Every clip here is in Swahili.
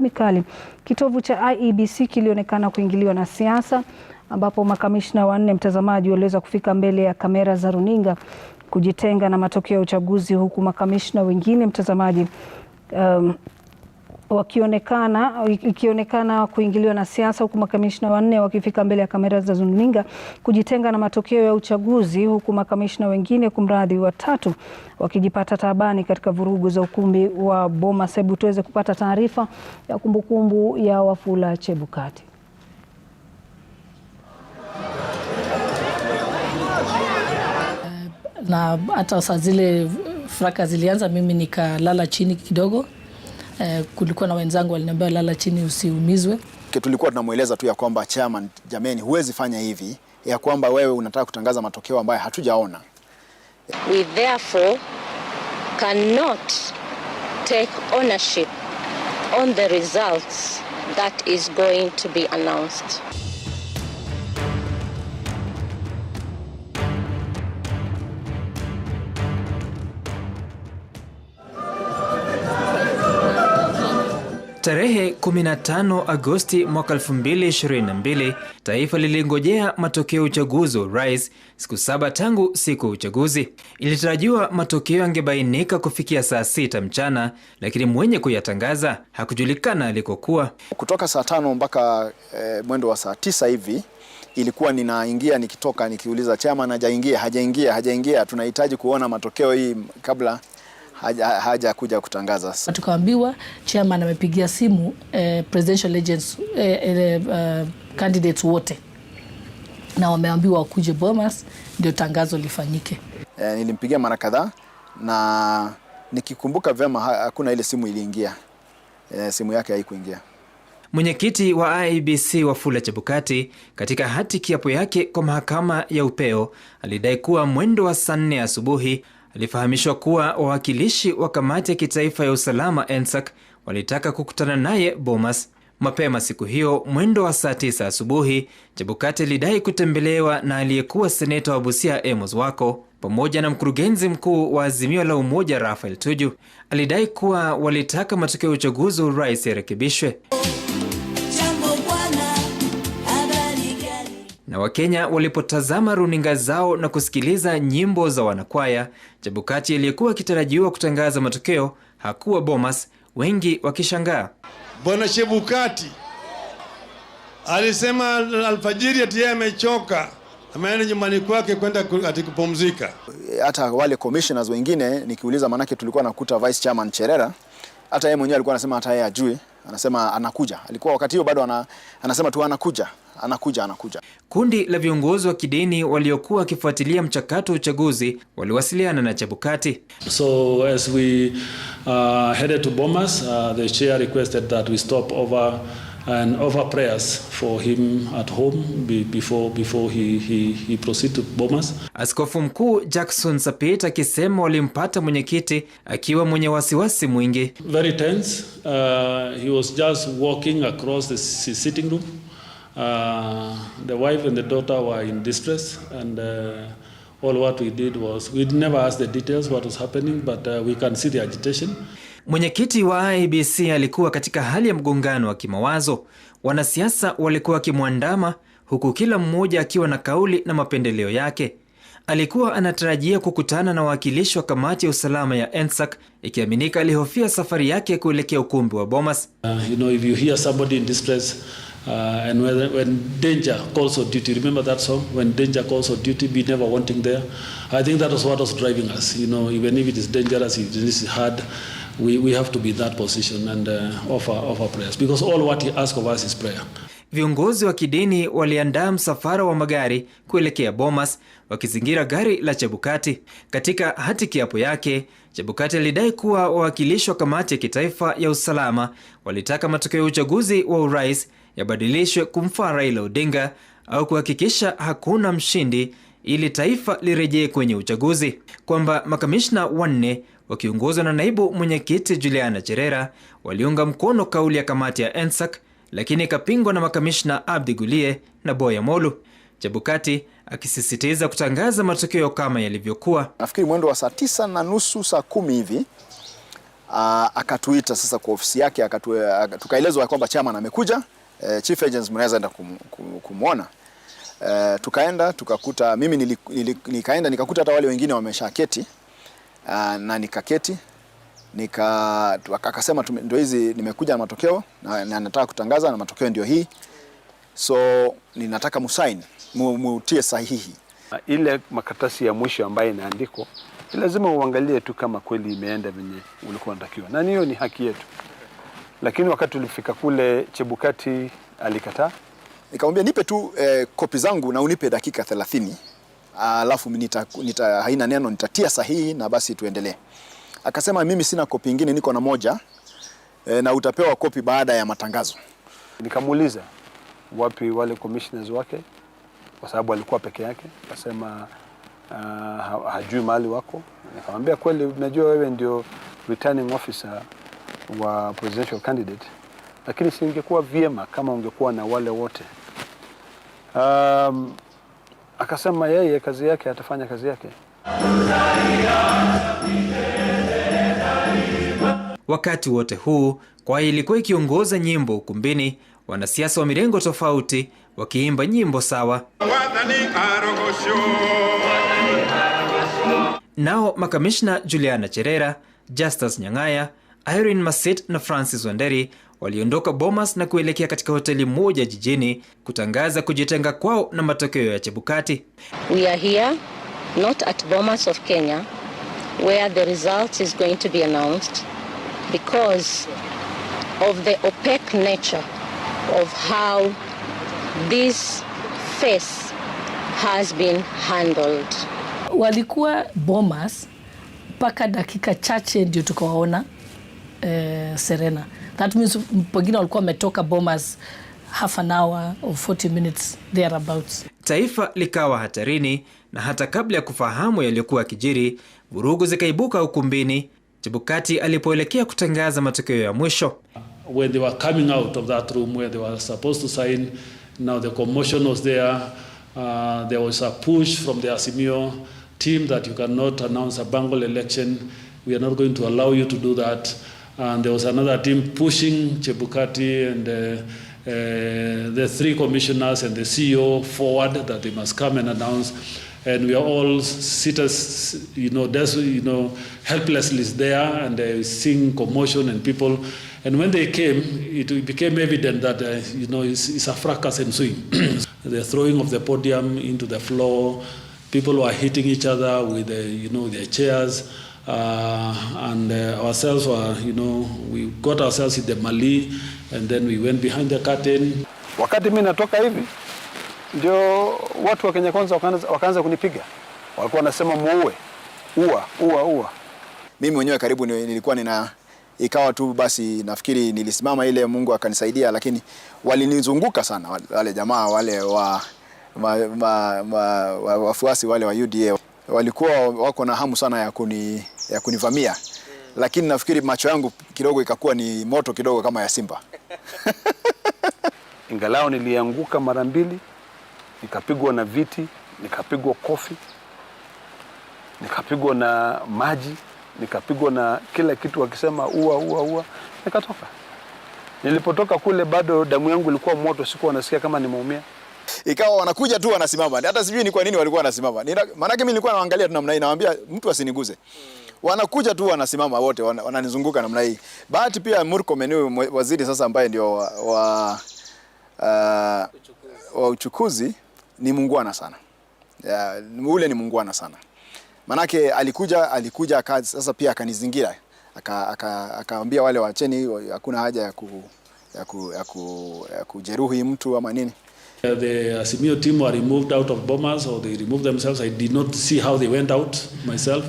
Mikali. Kitovu cha IEBC kilionekana kuingiliwa na siasa ambapo makamishna wanne mtazamaji waliweza kufika mbele ya kamera za runinga kujitenga na matokeo ya uchaguzi huku makamishna wengine mtazamaji um, wakionekana ikionekana kuingiliwa na siasa, huku makamishna wanne wakifika mbele ya kamera za runinga kujitenga na matokeo ya uchaguzi, huku makamishna wengine kumradhi, watatu wakijipata taabani katika vurugu za ukumbi wa Bomas. Hebu tuweze kupata taarifa ya kumbukumbu ya Wafula Chebukati. Na hata saa zile fraka zilianza, mimi nikalala chini kidogo eh, kulikuwa na wenzangu waliniambia lala chini usiumizwe. Tulikuwa tunamweleza tu ya kwamba chairman, jameni, huwezi fanya hivi ya kwamba wewe unataka kutangaza matokeo ambayo hatujaona. We therefore cannot take ownership on the results that is going to be announced. Tarehe 15 Agosti mwaka 2022, taifa lilingojea matokeo ya uchaguzi wa urais siku saba tangu siku ya uchaguzi. Ilitarajiwa matokeo yangebainika kufikia saa sita mchana, lakini mwenye kuyatangaza hakujulikana alikokuwa. Kutoka saa tano mpaka e, mwendo wa saa tisa hivi ilikuwa ninaingia nikitoka nikiuliza chama hajaingia, hajaingia, hajaingia, tunahitaji kuona matokeo hii kabla haja, haja kuja kutangaza. Tukaambiwa chairman amepigia simu eh, presidential agents, eh, eh, uh, candidates wote na wameambiwa wakuje Bomas ndio tangazo lifanyike. Eh, nilimpigia mara kadhaa na nikikumbuka vyema hakuna ile simu iliingia, eh, simu yake haikuingia. Mwenyekiti wa IEBC Wafula Chebukati katika hati kiapo yake kwa mahakama ya upeo alidai kuwa mwendo wa saa nne asubuhi alifahamishwa kuwa wawakilishi wa kamati ya kitaifa ya usalama NSAC walitaka kukutana naye Bomas. Mapema siku hiyo mwendo wa saa tisa asubuhi, Chebukati alidai kutembelewa na aliyekuwa seneta wa Busia Amos Wako pamoja na mkurugenzi mkuu wa Azimio la Umoja Rafael Tuju. Alidai kuwa walitaka matokeo ya uchaguzi wa urais yarekebishwe. na Wakenya walipotazama runinga zao na kusikiliza nyimbo za wanakwaya, Chebukati aliyekuwa akitarajiwa kutangaza matokeo hakuwa Bomas, wengi wakishangaa. Bwana Chebukati alisema alfajiri ati yeye amechoka, ameenda nyumbani kwake kwenda ati kupumzika. Hata wale commissioners wengine nikiuliza, maanake tulikuwa nakuta Vice Chairman Cherera, hata yeye mwenyewe alikuwa anasema hata yeye ajui, anasema anakuja. Alikuwa wakati hiyo bado ana, anasema tu anakuja anakuja anakuja. Kundi la viongozi wa kidini waliokuwa wakifuatilia mchakato wa uchaguzi waliwasiliana na Chebukati. So as we uh, headed to Bomas uh, the chair requested that we stop over and offer prayers for him at home before, before he, he, he proceed to Bomas. Askofu Mkuu Jackson Sapit akisema walimpata mwenyekiti akiwa mwenye wasiwasi mwingi. Very tense. Uh, he was just walking across the sitting room. Uh, the wife and the daughter were in distress and uh, all what we did was we never asked the details what was happening but uh, we can see the agitation. Mwenyekiti wa ibc alikuwa katika hali ya mgongano wa kimawazo. Wanasiasa walikuwa wakimwandama huku kila mmoja akiwa na kauli na mapendeleo yake. Alikuwa anatarajia kukutana na wawakilishi wa kamati ya usalama ya ENSAC, ikiaminika alihofia safari yake kuelekea ukumbi wa Bomas. Uh, you know, if you hear somebody in distress Uh, and when, when danger calls for duty, remember that song? When danger calls for duty, be never wanting there. I think that was what was driving us. You know, even if it is dangerous, if it is hard, we, we have to be in that position and uh, offer, offer prayers. Because all what he asks of us is prayer. Viongozi wa kidini waliandaa msafara wa magari kuelekea Bomas wakizingira gari la Chebukati. Katika hati kiapo yake, Chebukati alidai kuwa wawakilishi wa kamati ya kitaifa ya usalama walitaka matokeo ya uchaguzi wa urais yabadilishwe kumfaa Raila Odinga au kuhakikisha hakuna mshindi ili taifa lirejee kwenye uchaguzi, kwamba makamishna wanne wakiongozwa na naibu mwenyekiti Juliana Cherera waliunga mkono kauli ya kamati ya ENSAK, lakini ikapingwa na makamishna Abdi Gulie na Boya Molu. Chebukati akisisitiza kutangaza matokeo kama yalivyokuwa. Nafikiri mwendo wa saa tisa na nusu saa kumi hivi ah, akatuita sasa kwa ofisi yake, tukaelezwa kwamba chama amekuja eh, chief agents mnaweza enda kum, kum, kumwona eh, tukaenda tukakuta mimi niliku, niliku, nikaenda nikakuta hata wale wengine keti ah, na nikaketi nika akasema ndio hizi nimekuja na matokeo na, na nataka kutangaza na matokeo ndio hii, so ninataka musaini mutie sahihi. Ile makaratasi ya mwisho ambayo inaandikwa lazima uangalie tu kama kweli imeenda venye ulikuwa unatakiwa, na hiyo ni haki yetu lakini wakati tulifika kule Chebukati alikataa. Nikamwambia nipe tu eh, kopi zangu na unipe dakika 30 alafu nita, nita, haina neno nitatia sahihi na basi tuendelee. Akasema mimi sina kopi nyingine, niko na moja eh, na utapewa kopi baada ya matangazo. Nikamuuliza wapi wale commissioners wake, kwa sababu alikuwa peke yake. Akasema uh, hajui mahali wako. Nikamwambia kweli, najua wewe ndio returning officer wa presidential candidate, lakini singekuwa vyema kama ungekuwa na wale wote. Um, akasema yeye kazi yake atafanya kazi yake. Wakati wote huu kwaya ilikuwa ikiongoza nyimbo ukumbini, wanasiasa wa mirengo tofauti wakiimba nyimbo sawa. Nao makamishna Juliana Cherera, Justus Nyang'aya Irene Masit na Francis Wanderi waliondoka Bomas na kuelekea katika hoteli moja jijini kutangaza kujitenga kwao na matokeo ya Chebukati. We are here not at Bomas of Kenya where the result is going to be announced because of the opaque nature of how this face has been handled. Walikuwa Bomas mpaka dakika chache ndio tukawaona eh, Serena. That means pengine walikuwa wametoka Bomas half an hour or 40 minutes thereabouts. Taifa likawa hatarini na hata kabla ya kufahamu yaliyokuwa kijiri, vurugu zikaibuka ukumbini Chebukati alipoelekea kutangaza matokeo ya mwisho. When they were coming out of that room where they were supposed to sign, now the commotion was there. Uh, there was a push from the Azimio team that you cannot announce a Bangle election. We are not going to allow you to do that. Uh, and there was another team pushing Chebukati and uh, uh, the three commissioners and the CEO forward that they must come and announce and we are all seated, you know, des- you know, helplessly there and uh, seeing commotion and people. And when they came, it became evident that, uh, you know, it's, it's a fracas ensuing. the throwing of the podium into the floor, people were hitting each other with, uh, you know, their chairs uh, and uh, ourselves were, you know, we got ourselves in the Mali and then we went behind the curtain. Wakati mimi natoka hivi ndio watu wa Kenya Kwanza wakaanza kunipiga, walikuwa wanasema muue, ua ua ua. Mimi mwenyewe karibu nilikuwa nina ikawa tu basi, nafikiri nilisimama ile, Mungu akanisaidia, lakini walinizunguka sana wale jamaa wale wa ma, ma, ma, wafuasi wale wa UDA walikuwa wako na hamu sana ya kuni ya kunivamia mm. Lakini nafikiri macho yangu kidogo ikakuwa ni moto kidogo kama ya simba ingalao nilianguka mara mbili, nikapigwa na viti, nikapigwa kofi, nikapigwa na maji, nikapigwa na kila kitu, wakisema ua ua ua, nikatoka. Nilipotoka kule, bado damu yangu ilikuwa moto, sikuwa nasikia kama nimeumia ikawa wanakuja tu wanasimama, hata sijui ni kwa nini walikuwa wanasimama. Maana mimi nilikuwa naangalia tu namna hii, nawaambia mtu asiniguze. Wanakuja tu wanasimama wote, wananizunguka namna hii. Bahati pia Murkomen ni waziri sasa ambaye ndio wa, wa, uh, wa uchukuzi ni mungwana sana uh, ule ni mungwana sana manake alikuja alikuja aka, sasa pia akanizingira akaambia aka, aka wale wacheni, hakuna haja ya, ku, ya, ku, ya, ku, ya kujeruhi mtu ama nini. Uh, the Asimio team were removed out of bombers or they removed themselves. I did not see how they went out myself.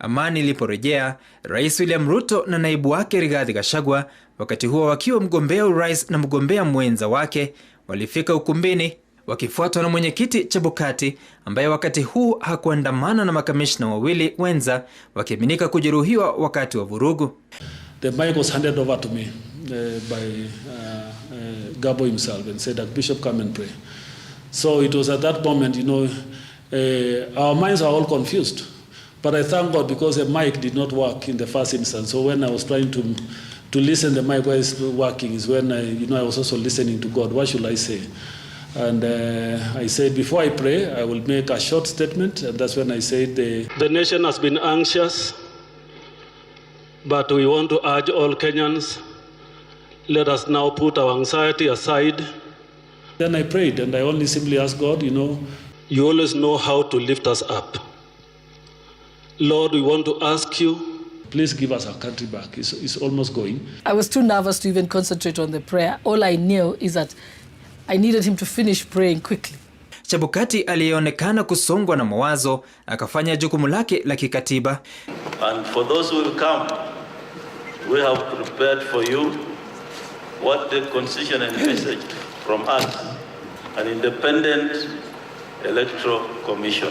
Amani iliporejea, Rais William Ruto na naibu wake Rigathi Gachagua, wakati huo wakiwa mgombea urais na mgombea mwenza wake, walifika ukumbini wakifuatwa na mwenyekiti Chebukati ambaye wakati huu hakuandamana na makamishna wawili wenza wakiaminika kujeruhiwa wakati wa vurugu. The mic was handed over to me. Uh, by uh, uh, Gabo himself and said, Bishop, come and pray. So it was at that moment, you know, our minds are all confused. But I thank God because the mic did not work in the first instance. So when I was trying to to listen, the mic was working. Is when I, you know, I was also listening to God. What should I say? And uh, I said, before I pray, I will make a short statement. And that's when I said, the, the nation has been anxious, but we want to urge all Kenyans Let us now put our anxiety aside. Then I prayed and I only simply asked God, you know. You always know how to lift us up. Lord, we want to ask you. Please give us our country back. It's, it's almost going. I was too nervous to even concentrate on the prayer. All I knew is that I needed him to finish praying quickly. Chebukati aliyeonekana kusongwa na mawazo akafanya jukumu lake la kikatiba. And for those who will come, we have prepared for you what the constitution envisaged from us, an independent electoral commission.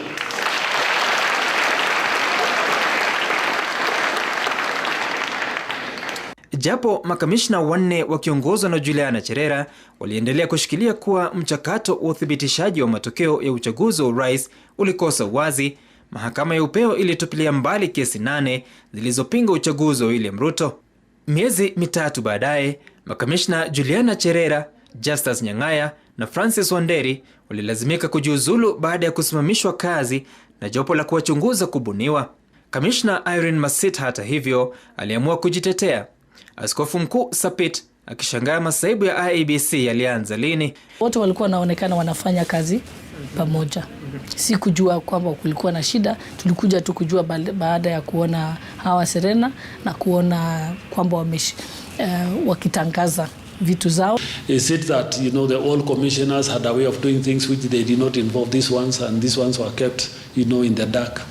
Japo makamishna wanne wakiongozwa na Juliana Cherera waliendelea kushikilia kuwa mchakato wa uthibitishaji wa matokeo ya uchaguzi wa urais ulikosa wazi, mahakama ya upeo ilitupilia mbali kesi nane zilizopinga uchaguzi wa William Ruto. Miezi mitatu baadaye Makamishna Juliana Cherera, Justus Nyang'aya na Francis Wanderi walilazimika kujiuzulu baada ya kusimamishwa kazi na jopo la kuwachunguza kubuniwa. Kamishna Irene Masit hata hivyo aliamua kujitetea. Askofu Mkuu Sapit akishangaa masaibu ya IEBC yalianza lini. Wote walikuwa wanaonekana wanafanya kazi pamoja, si kujua kwamba kulikuwa na shida. Tulikuja tu kujua baada ya kuona hawa Serena na kuona kwamba uh, wakitangaza vitu zao. Is it that you know the commissioners had a way of doing things which they did not involve these ones and these ones were kept you know in the dark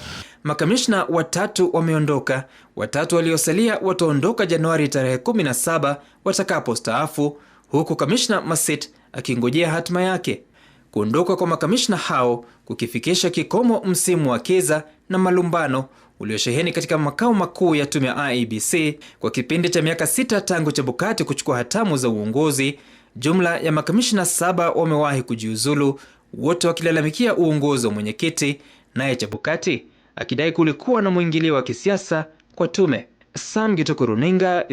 Makamishna watatu wameondoka, watatu waliosalia wataondoka Januari tarehe 17 watakapo staafu huku kamishna Masit akingojea hatima yake. Kuondoka kwa makamishna hao kukifikisha kikomo msimu wa kiza na malumbano uliosheheni katika makao makuu ya tume ya IEBC kwa kipindi cha miaka sita tangu Chebukati kuchukua hatamu za uongozi. Jumla ya makamishna saba wamewahi kujiuzulu, wote wakilalamikia uongozi wa mwenyekiti naye Chebukati akidai kulikuwa na mwingilio wa kisiasa kwa tume. Sam Gitoko, runinga ya